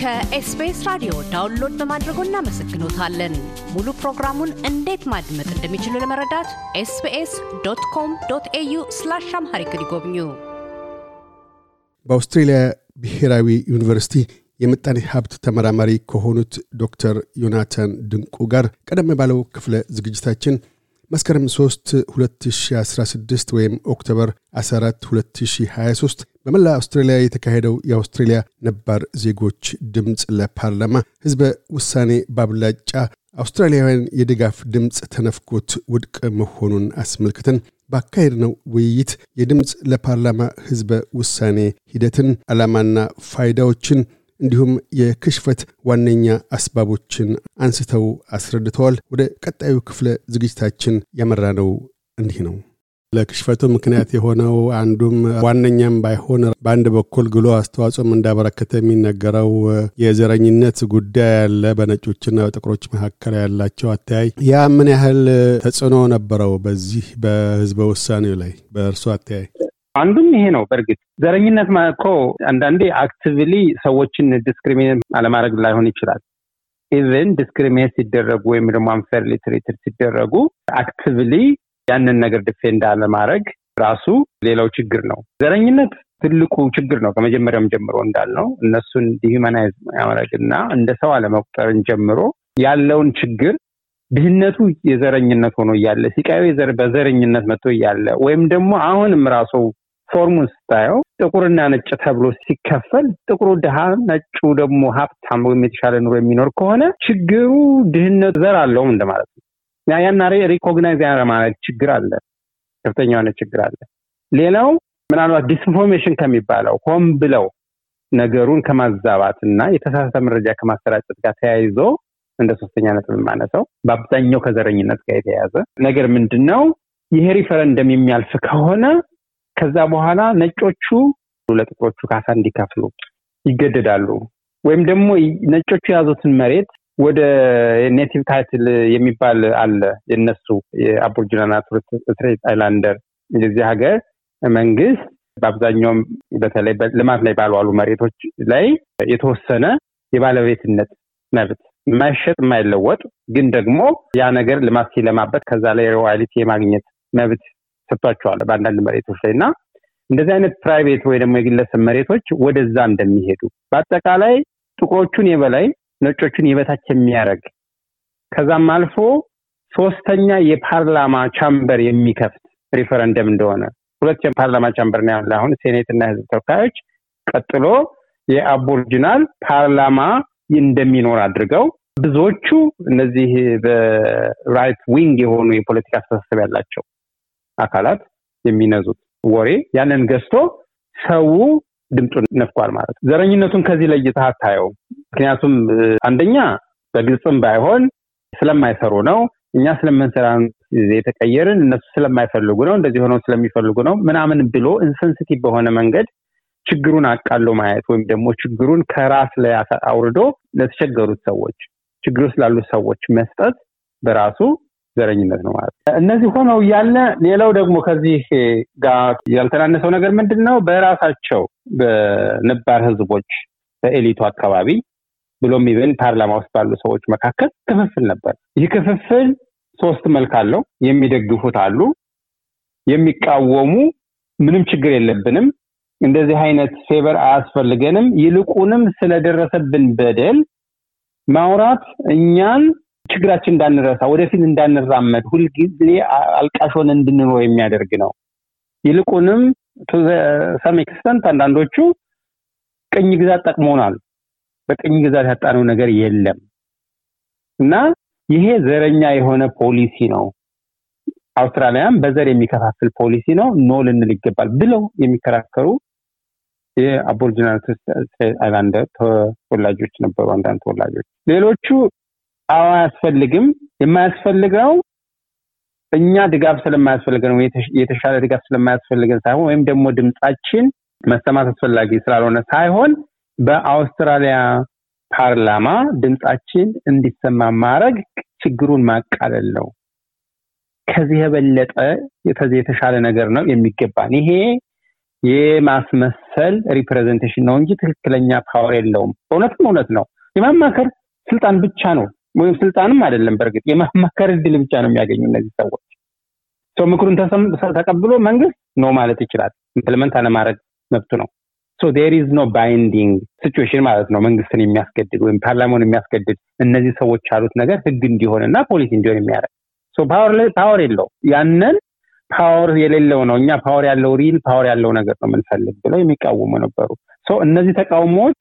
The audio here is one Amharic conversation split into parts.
ከኤስቢኤስ ራዲዮ ዳውንሎድ በማድረጎ እናመሰግኖታለን። ሙሉ ፕሮግራሙን እንዴት ማድመጥ እንደሚችሉ ለመረዳት ኤስቢኤስ ዶት ኮም ዶት ኤዩ ስላሽ አምሃሪክ ይጎብኙ። በአውስትሬልያ ብሔራዊ ዩኒቨርሲቲ የምጣኔ ሀብት ተመራማሪ ከሆኑት ዶክተር ዮናታን ድንቁ ጋር ቀደም ባለው ክፍለ ዝግጅታችን መስከረም 3 2016 ወይም ኦክቶበር 14 2023 በመላ አውስትራሊያ የተካሄደው የአውስትሬሊያ ነባር ዜጎች ድምፅ ለፓርላማ ህዝበ ውሳኔ ባብላጫ አውስትራሊያውያን የድጋፍ ድምፅ ተነፍጎት ውድቅ መሆኑን አስመልክተን ነው ውይይት የድምፅ ለፓርላማ ህዝበ ውሳኔ ሂደትን ዓላማና ፋይዳዎችን እንዲሁም የክሽፈት ዋነኛ አስባቦችን አንስተው አስረድተዋል። ወደ ቀጣዩ ክፍለ ዝግጅታችን ያመራ ነው እንዲህ ነው። ለክሽፈቱ ምክንያት የሆነው አንዱም ዋነኛም ባይሆን በአንድ በኩል ግሎ አስተዋጽኦም እንዳበረከተ የሚነገረው የዘረኝነት ጉዳይ ያለ በነጮችና በጥቁሮች መካከል ያላቸው አተያይ፣ ያ ምን ያህል ተጽዕኖ ነበረው በዚህ በህዝበ ውሳኔው ላይ በእርሶ አተያይ? አንዱም ይሄ ነው። በእርግጥ ዘረኝነት እኮ አንዳንዴ አክቲቭሊ ሰዎችን ዲስክሪሚኔት አለማድረግ ላይሆን ይችላል። ኢቨን ዲስክሪሚኔት ሲደረጉ ወይም ደግሞ አንፌርሊ ትሪትድ ሲደረጉ አክቲቭሊ ያንን ነገር ዲፌንድ አለማድረግ ራሱ ሌላው ችግር ነው። ዘረኝነት ትልቁ ችግር ነው። ከመጀመሪያም ጀምሮ እንዳልነው እነሱን ዲሁማናይዝ ማድረግ እና እንደ ሰው አለመቁጠርን ጀምሮ ያለውን ችግር ድህነቱ የዘረኝነት ሆኖ እያለ ሲቃዩ በዘረኝነት መጥቶ እያለ ወይም ደግሞ አሁንም ራሱ ፎርሙን ስታየው ጥቁርና ነጭ ተብሎ ሲከፈል ጥቁሩ ድሃ፣ ነጩ ደግሞ ሀብታም ወይም የተሻለ ኑሮ የሚኖር ከሆነ ችግሩ ድህነት ዘር አለውም እንደማለት ነው። ያና ሪኮግናይዝ ማለት ችግር አለ፣ ከፍተኛ የሆነ ችግር አለ። ሌላው ምናልባት ዲስኢንፎርሜሽን ከሚባለው ሆን ብለው ነገሩን ከማዛባት እና የተሳሳተ መረጃ ከማሰራጨት ጋር ተያይዞ እንደ ሶስተኛ ነጥብ የማነሳው በአብዛኛው ከዘረኝነት ጋር የተያያዘ ነገር ምንድን ነው? ይሄ ሪፈረንደም የሚያልፍ ከሆነ ከዛ በኋላ ነጮቹ ለጥቁሮቹ ካሳ እንዲከፍሉ ይገደዳሉ። ወይም ደግሞ ነጮቹ የያዙትን መሬት ወደ ኔቲቭ ታይትል የሚባል አለ። የነሱ የአቦርጅናና ስትሬት አይላንደር እዚህ ሀገር መንግስት በአብዛኛውም በተለይ ልማት ላይ ባልዋሉ መሬቶች ላይ የተወሰነ የባለቤትነት መብት የማይሸጥ የማይለወጥ ግን ደግሞ ያ ነገር ልማት ሲለማበት ከዛ ላይ ሮያሊቲ የማግኘት መብት ሰጥቷቸዋል በአንዳንድ መሬቶች ላይ እና እንደዚህ አይነት ፕራይቬት ወይ ደግሞ የግለሰብ መሬቶች ወደዛ እንደሚሄዱ በአጠቃላይ ጥቁሮቹን የበላይ ነጮቹን የበታች የሚያደርግ ከዛም አልፎ ሶስተኛ የፓርላማ ቻምበር የሚከፍት ሪፈረንደም እንደሆነ ሁለት የፓርላማ ቻምበር ነው ያለ አሁን ሴኔት እና ህዝብ ተወካዮች ቀጥሎ የአቦርጅናል ፓርላማ እንደሚኖር አድርገው ብዙዎቹ እነዚህ በራይት ዊንግ የሆኑ የፖለቲካ አስተሳሰብ ያላቸው አካላት የሚነዙት ወሬ ያንን ገዝቶ ሰው ድምፁን ነፍቋል ማለት ነው። ዘረኝነቱን ከዚህ ለይተህ አታየው ምክንያቱም አንደኛ በግልጽም ባይሆን ስለማይሰሩ ነው። እኛ ስለምንሰራ የተቀየርን እነሱ ስለማይፈልጉ ነው፣ እንደዚህ ሆነው ስለሚፈልጉ ነው ምናምን ብሎ ኢንሰንስቲቭ በሆነ መንገድ ችግሩን አቃሎ ማየት ወይም ደግሞ ችግሩን ከራስ ላይ አውርዶ ለተቸገሩት ሰዎች ችግር ውስጥ ላሉት ሰዎች መስጠት በራሱ ዘረኝነት ነው ማለት እነዚህ ሆነው እያለ ሌላው ደግሞ ከዚህ ጋር ያልተናነሰው ነገር ምንድን ነው? በራሳቸው በነባር ህዝቦች በኤሊቱ አካባቢ ብሎም ኢቨን ፓርላማ ውስጥ ባሉ ሰዎች መካከል ክፍፍል ነበር። ይህ ክፍፍል ሶስት መልክ አለው። የሚደግፉት አሉ፣ የሚቃወሙ ምንም ችግር የለብንም፣ እንደዚህ አይነት ፌቨር አያስፈልገንም፣ ይልቁንም ስለደረሰብን በደል ማውራት እኛን ችግራችን እንዳንረሳ፣ ወደፊት እንዳንራመድ፣ ሁልጊዜ አልቃሾን እንድንኖር የሚያደርግ ነው። ይልቁንም ሰም ኤክስተንት አንዳንዶቹ ቅኝ ግዛት ጠቅሞናል፣ በቅኝ ግዛት ያጣነው ነገር የለም እና ይሄ ዘረኛ የሆነ ፖሊሲ ነው። አውስትራሊያን በዘር የሚከፋፍል ፖሊሲ ነው፣ ኖ ልንል ይገባል ብለው የሚከራከሩ ስ አይላንደር ተወላጆች ነበሩ። አንዳንድ ተወላጆች ሌሎቹ አዎ አያስፈልግም። የማያስፈልገው እኛ ድጋፍ ስለማያስፈልገ ነው፣ የተሻለ ድጋፍ ስለማያስፈልገን ሳይሆን ወይም ደግሞ ድምጻችን መሰማት አስፈላጊ ስላልሆነ ሳይሆን በአውስትራሊያ ፓርላማ ድምጻችን እንዲሰማ ማድረግ ችግሩን ማቃለል ነው። ከዚህ የበለጠ የተሻለ ነገር ነው የሚገባን። ይሄ የማስመሰል ሪፕሬዘንቴሽን ነው እንጂ ትክክለኛ ፓወር የለውም። እውነትም እውነት ነው። የማማከር ስልጣን ብቻ ነው ወይም ስልጣንም አይደለም። በእርግጥ የማማከር እድል ብቻ ነው የሚያገኙ እነዚህ ሰዎች። ሰው ምክሩን ተቀብሎ መንግስት ኖ ማለት ይችላል። ኢምፕልመንት አለማድረግ መብቱ ነው። ሶ ዴር ኢዝ ኖ ባይንዲንግ ሲዌሽን ማለት ነው። መንግስትን የሚያስገድድ ወይም ፓርላማውን የሚያስገድድ እነዚህ ሰዎች ያሉት ነገር ህግ እንዲሆን እና ፖሊሲ እንዲሆን የሚያደርግ ፓወር የለው። ያንን ፓወር የሌለው ነው እኛ ፓወር ያለው ሪል ፓወር ያለው ነገር ነው የምንፈልግ ብለው የሚቃወሙ ነበሩ። እነዚህ ተቃውሞዎች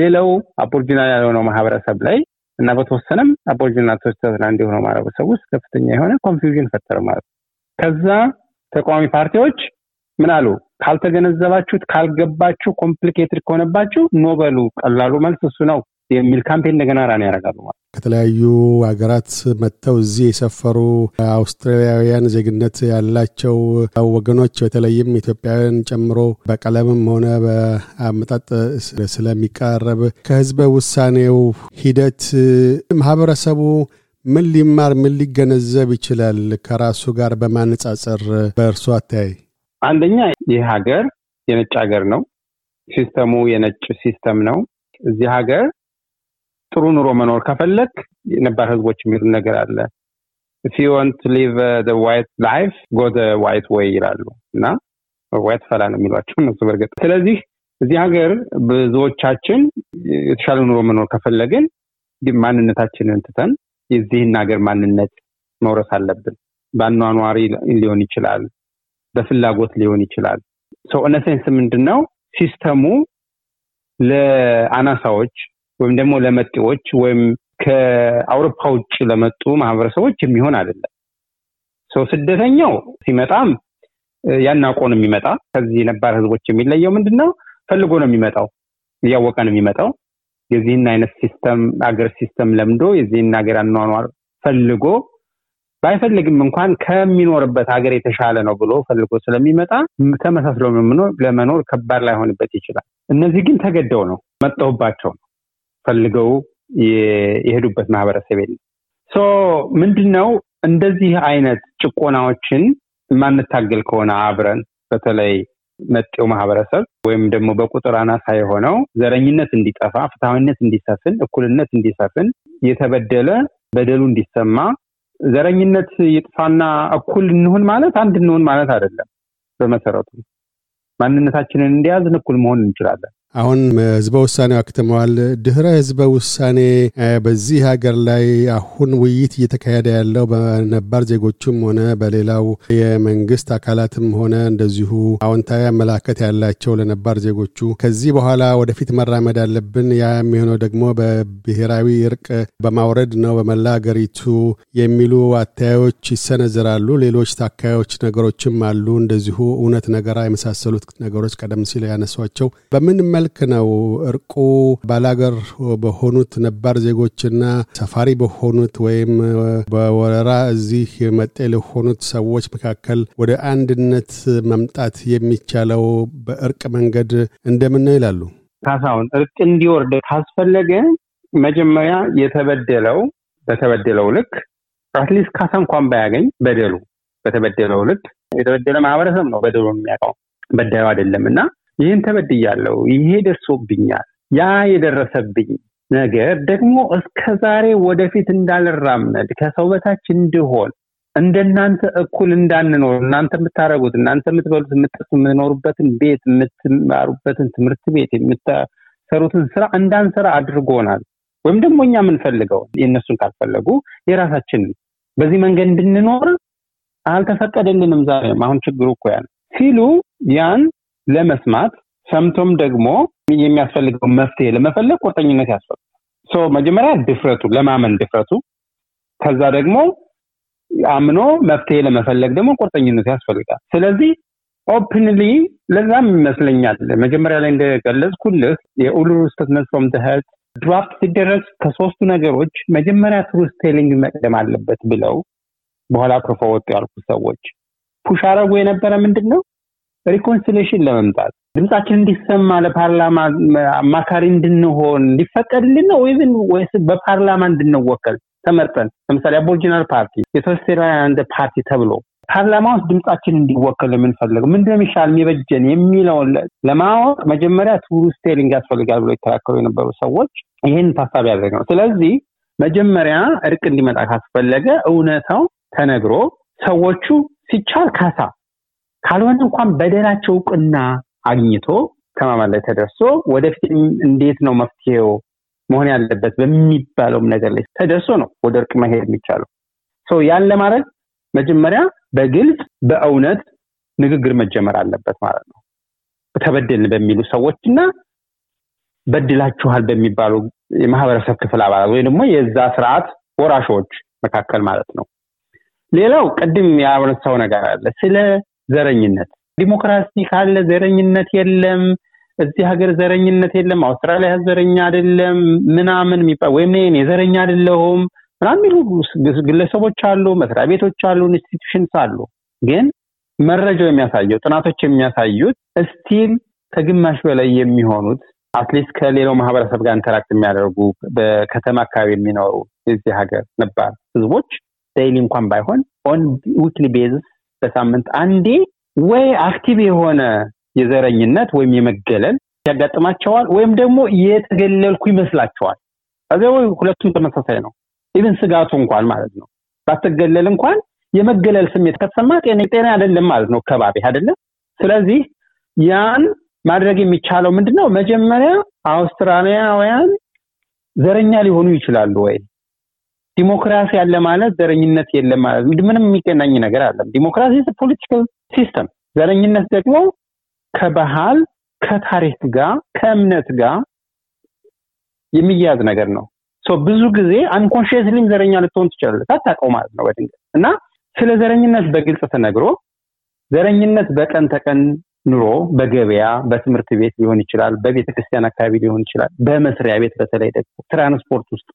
ሌላው አቦርጂናል ያልሆነው ማህበረሰብ ላይ እና በተወሰነም አቦሪጂናቶች ተዝላንድ የሆነው ማህበረሰብ ውስጥ ከፍተኛ የሆነ ኮንፊውዥን ፈጠረ ማለት ነው። ከዛ ተቃዋሚ ፓርቲዎች ምን አሉ? ካልተገነዘባችሁት፣ ካልገባችሁ፣ ኮምፕሊኬትድ ከሆነባችሁ ኖበሉ ቀላሉ መልስ እሱ ነው የሚል ካምፔን እንደገና ራን ያደርጋሉ ማለት ከተለያዩ ሀገራት መጥተው እዚህ የሰፈሩ አውስትራሊያውያን ዜግነት ያላቸው ወገኖች በተለይም ኢትዮጵያውያን ጨምሮ በቀለምም ሆነ በአመጣጥ ስለሚቀረብ ከህዝበ ውሳኔው ሂደት ማህበረሰቡ ምን ሊማር ምን ሊገነዘብ ይችላል? ከራሱ ጋር በማነጻጸር በእርሶ አታይ አንደኛ ይህ ሀገር የነጭ ሀገር ነው። ሲስተሙ የነጭ ሲስተም ነው። እዚህ ሀገር ጥሩ ኑሮ መኖር ከፈለግ ነባር ህዝቦች የሚሉት ነገር አለ ፊወንት ሊቭ ዋይት ላይፍ ጎ ዋይት ወይ ይላሉ እና ዋይት ፈላ ነው የሚሏቸው እነሱ በእርግጥ ስለዚህ እዚህ ሀገር ብዙዎቻችን የተሻለ ኑሮ መኖር ከፈለግን ማንነታችንን ትተን የዚህን ሀገር ማንነት መውረስ አለብን በአኗኗሪ ሊሆን ይችላል በፍላጎት ሊሆን ይችላል ሰው እነሴንስ ምንድን ነው ሲስተሙ ለአናሳዎች ወይም ደግሞ ለመጤዎች ወይም ከአውሮፓ ውጭ ለመጡ ማህበረሰቦች የሚሆን አይደለም። ሰው ስደተኛው ሲመጣም ያናቆ ነው የሚመጣ። ከዚህ ነባር ህዝቦች የሚለየው ምንድነው ፈልጎ ነው የሚመጣው፣ እያወቀ ነው የሚመጣው። የዚህን አይነት ሲስተም አገር ሲስተም ለምዶ የዚህን ሀገር አኗኗር ፈልጎ ባይፈልግም እንኳን ከሚኖርበት ሀገር የተሻለ ነው ብሎ ፈልጎ ስለሚመጣ ተመሳስሎ ለመኖር ከባድ ላይሆንበት ይችላል። እነዚህ ግን ተገደው ነው መጠውባቸው ነው ፈልገው የሄዱበት ማህበረሰብ የለም። ሶ ምንድን ነው እንደዚህ አይነት ጭቆናዎችን የማንታገል ከሆነ አብረን በተለይ መጤው ማህበረሰብ ወይም ደግሞ በቁጥር አናሳ የሆነው ዘረኝነት እንዲጠፋ፣ ፍትሐዊነት እንዲሰፍን፣ እኩልነት እንዲሰፍን፣ የተበደለ በደሉ እንዲሰማ ዘረኝነት ይጥፋና እኩል እንሁን ማለት አንድ እንሁን ማለት አይደለም። በመሰረቱ ማንነታችንን እንዲያዝን እኩል መሆን እንችላለን። አሁን ህዝበ ውሳኔው አክትመዋል። ድህረ ህዝበ ውሳኔ በዚህ ሀገር ላይ አሁን ውይይት እየተካሄደ ያለው በነባር ዜጎቹም ሆነ በሌላው የመንግስት አካላትም ሆነ እንደዚሁ አዎንታዊ አመላከት ያላቸው ለነባር ዜጎቹ ከዚህ በኋላ ወደፊት መራመድ አለብን። ያ የሚሆነው ደግሞ በብሔራዊ እርቅ በማውረድ ነው በመላ ሀገሪቱ የሚሉ አታዮች ይሰነዝራሉ። ሌሎች ታካዮች ነገሮችም አሉ። እንደዚሁ እውነት ነገራ የመሳሰሉት ነገሮች ቀደም ሲል ያነሷቸው በምን መልክ ነው እርቁ ባላገር በሆኑት ነባር ዜጎችና ሰፋሪ በሆኑት ወይም በወረራ እዚህ መጤ ለሆኑት ሰዎች መካከል ወደ አንድነት መምጣት የሚቻለው በእርቅ መንገድ እንደምን ነው ይላሉ ካሳሁን? እርቅ እንዲወርድ ካስፈለገ መጀመሪያ የተበደለው በተበደለው ልክ አትሊስት ካሳ እንኳን ባያገኝ በደሉ በተበደለው ልክ የተበደለ ማህበረሰብ ነው በደሉ የሚያውቀው በደሉ አይደለም እና ይህን ተበድያለሁ፣ ይሄ ደርሶብኛል፣ ያ የደረሰብኝ ነገር ደግሞ እስከ ዛሬ ወደፊት እንዳልራመድ ከሰው በታች እንድሆን እንደናንተ እኩል እንዳንኖር እናንተ የምታደረጉት እናንተ የምትበሉት የምጠጡ የምትኖሩበትን ቤት የምትማሩበትን ትምህርት ቤት የምታሰሩትን ስራ እንዳንሰራ አድርጎናል። ወይም ደግሞ እኛ የምንፈልገው የእነሱን ካልፈለጉ የራሳችን በዚህ መንገድ እንድንኖር አልተፈቀደልንም። ዛሬም አሁን ችግሩ እኮ ያን ሲሉ ያን ለመስማት ሰምቶም ደግሞ የሚያስፈልገው መፍትሄ ለመፈለግ ቁርጠኝነት ያስፈልጋል። መጀመሪያ ድፍረቱ፣ ለማመን ድፍረቱ፣ ከዛ ደግሞ አምኖ መፍትሄ ለመፈለግ ደግሞ ቁርጠኝነት ያስፈልጋል። ስለዚህ ኦፕንሊ ለዛም ይመስለኛል መጀመሪያ ላይ እንደገለጽኩልህ የኡሉ ስተትመት ፍሮም ድህት ድራፍት ሲደረስ ከሶስቱ ነገሮች መጀመሪያ ትሩስቴሊንግ ቴሊንግ መቅደም አለበት ብለው በኋላ ፕሮፎወጡ ያልኩ ሰዎች ፑሽ አረጉ የነበረ ምንድን ነው ሪኮንሲሌሽን ለመምጣት ድምጻችን እንዲሰማ ለፓርላማ አማካሪ እንድንሆን እንዲፈቀድልን ነው ወይስ በፓርላማ እንድንወከል ተመርጠን ለምሳሌ አቦሪጂናል ፓርቲ የተወሰራንድ ፓርቲ ተብሎ ፓርላማ ውስጥ ድምጻችን እንዲወከል የምንፈልገው ምንድን የሚሻል የሚበጀን የሚለውን ለማወቅ መጀመሪያ ቱሩ ስቴሊንግ ያስፈልጋል ብሎ ይከራከሩ የነበሩ ሰዎች ይህን ታሳቢ ያደረገ ነው። ስለዚህ መጀመሪያ እርቅ እንዲመጣ ካስፈለገ እውነታው ተነግሮ ሰዎቹ ሲቻል ካሳ ካልሆነ እንኳን በደላቸው እውቅና አግኝቶ ከማማል ላይ ተደርሶ ወደፊት እንዴት ነው መፍትሄው መሆን ያለበት በሚባለውም ነገር ላይ ተደርሶ ነው ወደ እርቅ መሄድ የሚቻለው። ያን ለማድረግ መጀመሪያ በግልጽ በእውነት ንግግር መጀመር አለበት ማለት ነው። ተበደልን በሚሉ ሰዎች እና በድላችኋል በሚባሉ የማህበረሰብ ክፍል አባላት ወይ ደግሞ የዛ ስርዓት ወራሾች መካከል ማለት ነው። ሌላው ቅድም ያነሳው ነገር አለ ስለ ዘረኝነት። ዲሞክራሲ ካለ ዘረኝነት የለም። እዚህ ሀገር ዘረኝነት የለም። አውስትራሊያ ዘረኛ አይደለም ምናምን የሚባል ወይም እኔ ዘረኛ አይደለሁም ምናምን የሚሉ ግለሰቦች አሉ፣ መስሪያ ቤቶች አሉ፣ ኢንስቲትዩሽንስ አሉ። ግን መረጃው የሚያሳየው ጥናቶች የሚያሳዩት እስቲል ከግማሽ በላይ የሚሆኑት አትሊስት ከሌላው ማህበረሰብ ጋር ኢንተራክት የሚያደርጉ በከተማ አካባቢ የሚኖሩ እዚህ ሀገር ነባር ህዝቦች ዴይሊ እንኳን ባይሆን ኦን ዊክሊ ቤዝስ በሳምንት አንዴ ወይ አክቲቭ የሆነ የዘረኝነት ወይም የመገለል ያጋጥማቸዋል ወይም ደግሞ የተገለልኩ ይመስላቸዋል። ከዚያ ወይ ሁለቱም ተመሳሳይ ነው። ኢቨን ስጋቱ እንኳን ማለት ነው ባትገለል እንኳን የመገለል ስሜት ከተሰማ ጤና አይደለም ማለት ነው፣ ከባቢ አይደለም። ስለዚህ ያን ማድረግ የሚቻለው ምንድነው መጀመሪያ አውስትራሊያውያን ዘረኛ ሊሆኑ ይችላሉ ወይ ዲሞክራሲ አለ ማለት ዘረኝነት የለም ማለት ምንም የሚገናኝ ነገር አለም። ዲሞክራሲ ፖለቲካል ሲስተም፣ ዘረኝነት ደግሞ ከባህል ከታሪክ ጋር ከእምነት ጋር የሚያዝ ነገር ነው። ብዙ ጊዜ አንኮንሽስሊም ዘረኛ ልትሆን ትችላለ አታውቀው ማለት ነው በድንገት እና ስለ ዘረኝነት በግልጽ ተነግሮ ዘረኝነት በቀን ተቀን ኑሮ በገበያ በትምህርት ቤት ሊሆን ይችላል፣ በቤተክርስቲያን አካባቢ ሊሆን ይችላል፣ በመስሪያ ቤት በተለይ ደግሞ ትራንስፖርት ውስጥ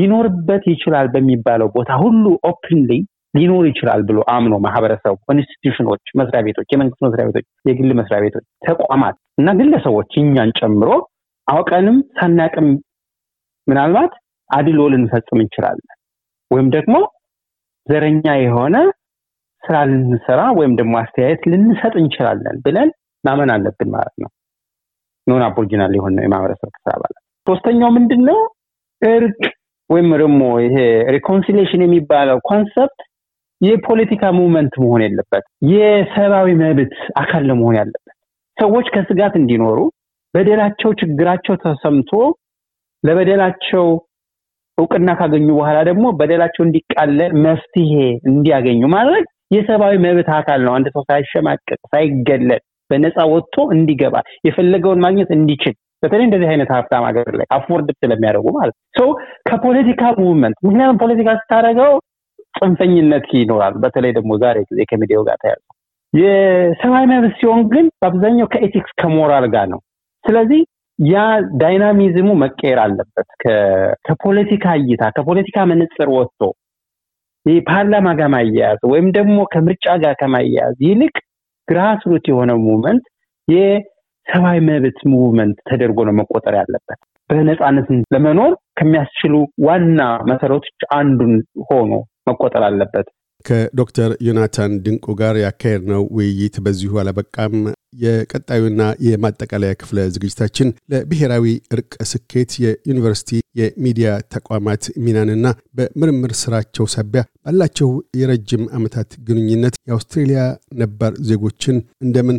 ሊኖርበት ይችላል በሚባለው ቦታ ሁሉ ኦፕንሊ ሊኖር ይችላል ብሎ አምኖ ማህበረሰቡ ኢንስቲትዩሽኖች፣ መስሪያ ቤቶች፣ የመንግስት መስሪያ ቤቶች፣ የግል መስሪያ ቤቶች፣ ተቋማት እና ግለሰቦች እኛን ጨምሮ አውቀንም ሳናቅም ምናልባት አድሎ ልንፈጽም እንችላለን ወይም ደግሞ ዘረኛ የሆነ ስራ ልንሰራ ወይም ደግሞ አስተያየት ልንሰጥ እንችላለን ብለን ማመን አለብን ማለት ነው። ኖን አቦርጂናል የሆነ የማህበረሰብ ክፍል አባላት ሶስተኛው ምንድን ነው? እርቅ ወይም ደግሞ ይሄ ሪኮንሲሌሽን የሚባለው ኮንሰፕት የፖለቲካ ሙመንት መሆን የለበት፣ የሰብአዊ መብት አካል ለመሆን ያለበት ሰዎች ከስጋት እንዲኖሩ በደላቸው ችግራቸው ተሰምቶ ለበደላቸው እውቅና ካገኙ በኋላ ደግሞ በደላቸው እንዲቃለል መፍትሄ እንዲያገኙ ማድረግ የሰብአዊ መብት አካል ነው። አንድ ሰው ሳይሸማቀቅ ሳይገለል በነፃ ወጥቶ እንዲገባ የፈለገውን ማግኘት እንዲችል በተለይ እንደዚህ አይነት ሀብታም ሀገር ላይ አፎርድ ስለሚያደርጉ ማለት ነው። ከፖለቲካ ሙቭመንት ምክንያቱም ፖለቲካ ስታደረገው ጽንፈኝነት ይኖራል። በተለይ ደግሞ ዛሬ ጊዜ ከሚዲያው ጋር ተያዘ የሰብአዊ መብት ሲሆን ግን በአብዛኛው ከኤቲክስ ከሞራል ጋር ነው። ስለዚህ ያ ዳይናሚዝሙ መቀየር አለበት። ከፖለቲካ እይታ ከፖለቲካ መነጽር ወጥቶ ይህ ፓርላማ ጋር ማያያዝ ወይም ደግሞ ከምርጫ ጋር ከማያያዝ ይልቅ ግራስሩት የሆነ ሙመንት። ሰብአዊ መብት ሙቭመንት ተደርጎ ነው መቆጠር ያለበት። በነፃነት ለመኖር ከሚያስችሉ ዋና መሰረቶች አንዱን ሆኖ መቆጠር አለበት። ከዶክተር ዮናታን ድንቁ ጋር ነው ውይይት በዚሁ አለበቃም የቀጣዩና የማጠቃለያ ክፍለ ዝግጅታችን ለብሔራዊ እርቅ ስኬት የዩኒቨርሲቲ የሚዲያ ተቋማት ሚናንና በምርምር ስራቸው ሳቢያ ባላቸው የረጅም ዓመታት ግንኙነት የአውስትሬሊያ ነባር ዜጎችን እንደምን